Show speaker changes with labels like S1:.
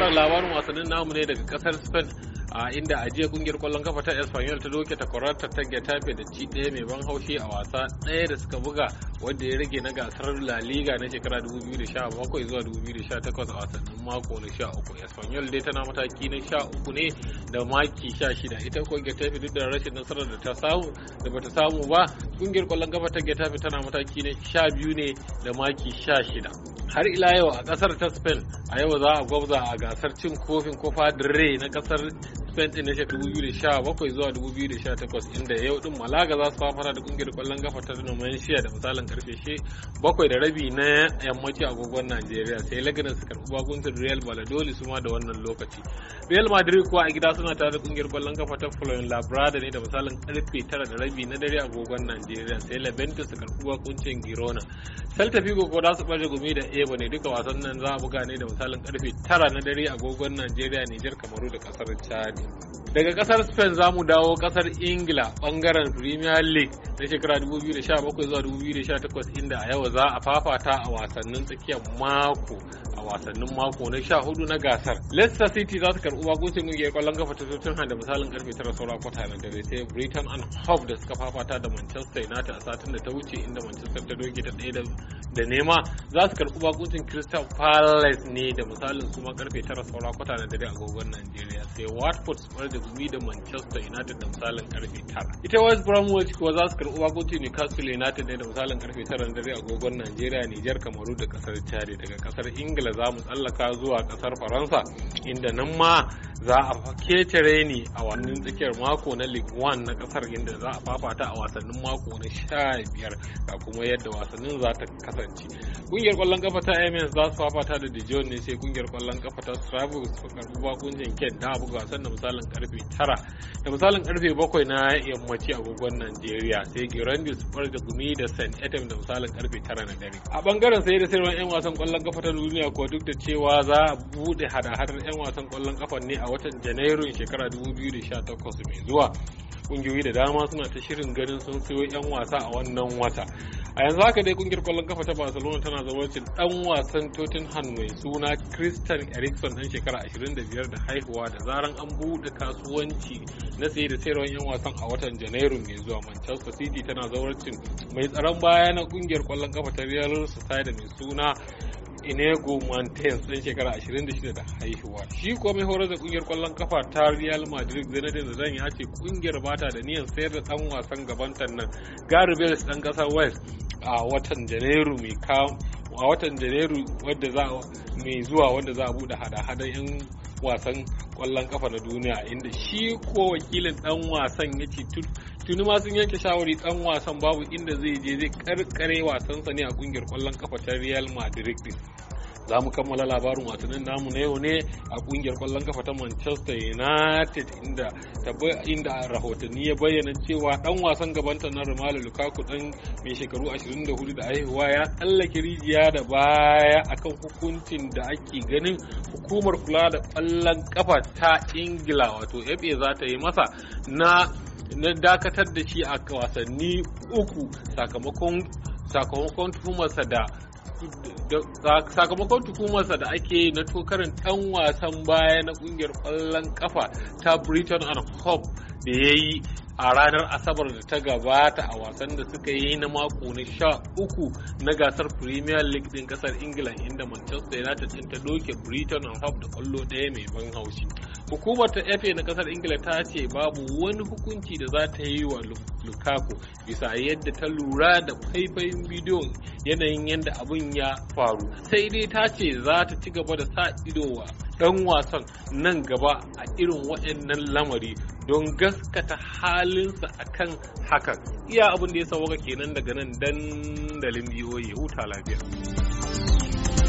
S1: fara labarin wasannin namu ne daga kasar Spain a inda a kungiyar kwallon kafa ta Espanyol ta doke ta kwararta ta Getafe da ci ɗaya mai ban haushi a wasa ɗaya da suka buga wanda ya rage na gasar La Liga na shekara 2017 zuwa 2018 a wasannin mako na 13. Espanyol dai tana mataki na 13 ne da maki 16 ita ko Getafe duk da rashin nasarar da ta samu da bata samu ba kungiyar kwallon kafa ta Getafe tana mataki na 12 ne da maki 16. har ila yau a kasar ta spain a yau za a gwabza a gasar cin kofin kofa dare na kasar Spain din na 2017 zuwa 2018 inda yau din Malaga za su fara da kungiyar kwallon gafa ta Numancia da misalin karfe she bakwai da rabi na yammaci agogon Najeriya sai laganin su karbi bakuntar Real Valladolid su ma da wannan lokaci. Real Madrid kuwa a gida suna tare da kungiyar kwallon gafa ta Florin Labrada ne da misalin karfe tara da rabi na dare agogon Najeriya sai Leventus su karbi bakuncin Girona. Celta Vigo ko za su barje gumi da Ebo ne duka wasan nan za a buga ne da misalin karfe tara na dare agogon Najeriya Nijar Kamaru da kasar Chad. daga kasar spain za mu dawo kasar ingila bangaren premier league na shekara 2017 zuwa 2018 inda a yau za a fafata a wasannin tsakiyar mako a wasannin mako na sha hudu na gasar leicester city za su karbi bakuncin kungiyar kwallon kafa ta tottenham da misalin karfe 9 saura kwata na dare sai britain and hove da suka fafata da manchester united a satin da ta wuce inda manchester ta doke ta ɗaya da nema za su karbi bakuncin crystal palace ne da misalin suma karfe 9 saura kwata na dare gogon nigeria sai watford Watford su da gumi da Manchester United da misalin karfe tara Ita West Bromwich kuwa za su karɓi Wakoci Newcastle United ne da misalin karfe tara na dare agogon Najeriya, Nijar, Kamaru da kasar Chad daga kasar Ingila za mu tsallaka zuwa kasar Faransa inda nan ma za a ketare ne a wannan tsakiyar mako na league one na kasar inda za a fafata a wasannin mako na sha biyar ga kuma yadda wasannin za ta kasance kungiyar kwallon kafa ta ms za su fafata da dijon ne sai kungiyar kwallon kafa ta strasbourg su karbi bakuncin ken da abu gasar da misalin karfe tara da misalin karfe bakwai na yammaci agogon nigeria sai girandi su da gumi da st etem da misalin karfe tara na dare a bangaren sai da sirrin yan wasan kwallon kafa ta duniya ko duk da cewa za a bude hada-hadar yan wasan kwallon kafa ne a a watan janairun shekara 2018 mai zuwa kungiyoyi da dama suna ta shirin ganin sun siyo 'yan wasa a wannan wata a yanzu haka dai kungiyar kwallon kafa ta barcelona tana zawarcin dan wasan tottenham mai suna christian erikson dan shekara 25 da haihuwa da zaran an buɗe kasuwanci na saye da sayarwar 'yan wasan a watan janairu mai zuwa manchester city tana zawarcin mai tsaron baya na kungiyar kwallon kafa ta real society mai suna Inego Montez ɗan shekara 26 da haihuwa. Shi kuwa mai horar da kungiyar kwallon kafa ta Real Madrid Zinedine Zidane ya ce kungiyar bata da niyyar sayar da ɗan wasan gabantan nan Gary Bales ɗan ƙasar West a watan Janairu mai a watan Janairu wadda za mai zuwa wanda za a buɗe hada hada 'yan wasan kwallon kafa na duniya inda shi ko wakilin dan wasan ya ce tuni ma sun yanke shawari dan wasan babu inda zai je zai karkare wasansa ne a kungiyar kwallon kafa ta Real Madrid din za mu kammala labarin wasannin namu na yau ne a kungiyar kwallon kafa ta Manchester United inda inda rahotanni ya bayyana cewa dan wasan gabanta na Romelu Lukaku dan mai shekaru 24 da haihuwa ya tsallake rijiya da baya akan hukuncin da ake ganin hukumar kula da kwallon kafa ta Ingila wato FA za ta yi masa na na dakatar da shi a wasanni uku sakamakon tukumarsa tuhumarsa da da ake na tokarin dan wasan baya na kungiyar kwallon kafa ta Britain and Hope da ya yi a ranar asabar da ta gabata a wasan da suka yi na mako na sha uku na gasar premier league din kasar ingila inda manchester united ta doke britain and hope da kwallo daya mai ban haushi hukumar ta fa na kasar ingila ta ce babu wani hukunci da za ta yi wa lukaku bisa yadda ta lura da faifayin bidiyon yanayin yadda abun ya faru sai dai ta ce za ta ci gaba da sa ido wa dan wasan nan gaba a irin waɗannan lamari don gaskata halinsa akan hakan iya abin da ya sauka kenan daga nan dandalin biyoyi huta lafiya